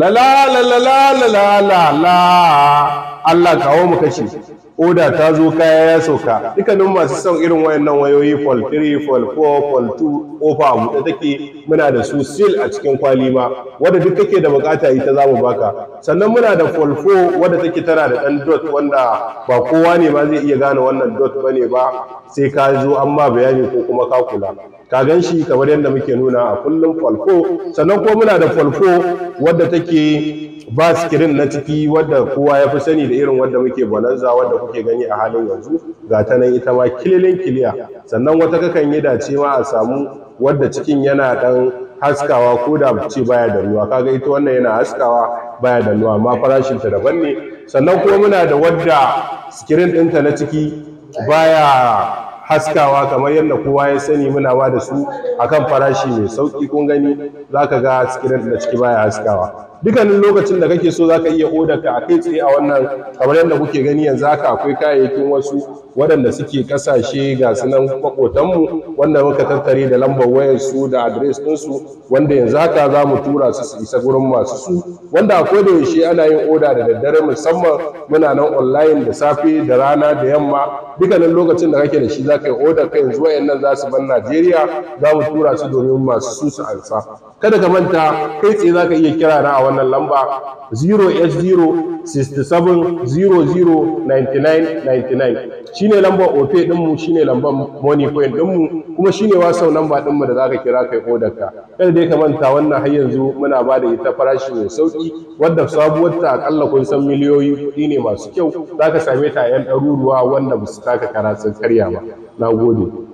la la la la la la la Allah kawo mu kace oda ta zo kaya ya sauka dukkanin masu son irin wayannan wayoyi fall 3 fall 4 fall 2 ofa abu da take muna da su seal a cikin kwali ma wanda duk kake da bukata ita za mu baka sannan muna da fall 4 wanda take tana da dan dot wanda ba kowa ne ma zai iya gane wannan dot bane ba sai ka zo an ma bayani ko kuma ka kula ka gan shi kamar yadda muke nuna a kullum fall 4 sannan ko muna da fall 4 wadda take ba screen na ciki wadda kowa ya fi sani da irin wadda muke balanza wadda kuke gani a halin yanzu ga ta nan ita ma kililin kiliya sannan wata kakan yi dace ma a samu wadda cikin yana dan haskawa ko da ce baya da ruwa kaga ita wannan yana haskawa baya da ruwa amma farashin ta daban ne sannan kuma muna da wadda sikirin ɗinta na ciki baya haskawa kamar yadda kowa ya sani muna ba da su akan farashi mai sauki kun gani zaka ga sikirin na ciki baya haskawa dukkanin lokacin da kake so zaka iya odaka ka a kai tsaye a wannan kamar yadda kuke gani yanzu haka akwai kayayyakin wasu waɗanda suke kasashe ga sunan makotanmu wanda muka tattare da lambar wayar su da adres su, wanda yanzu haka za mu tura su su isa gurin masu su wanda a koda yaushe ana yin oda da daddare musamman muna nan online da safe da rana da yamma dukkanin lokacin da kake da shi zaka yi odar ka yanzu wayannan za su bar Najeriya za mu tura su domin masu su su ansa kada ka manta kai tsaye zaka iya kira na a wannan lamba 0 s shi shine lambar ofe ɗinmu shine lambar money point ɗinmu kuma shine wasau lamba ɗinmu da za ka kira kai odar ka kada dai ka manta wannan har yanzu muna ba da ita farashi mai sauki wadda sabuwar ta akalla kun san miliyoyi kuɗi ne masu kyau za ka same ta yan ɗaruruwa wanda ba su taka karatun karya ba nagode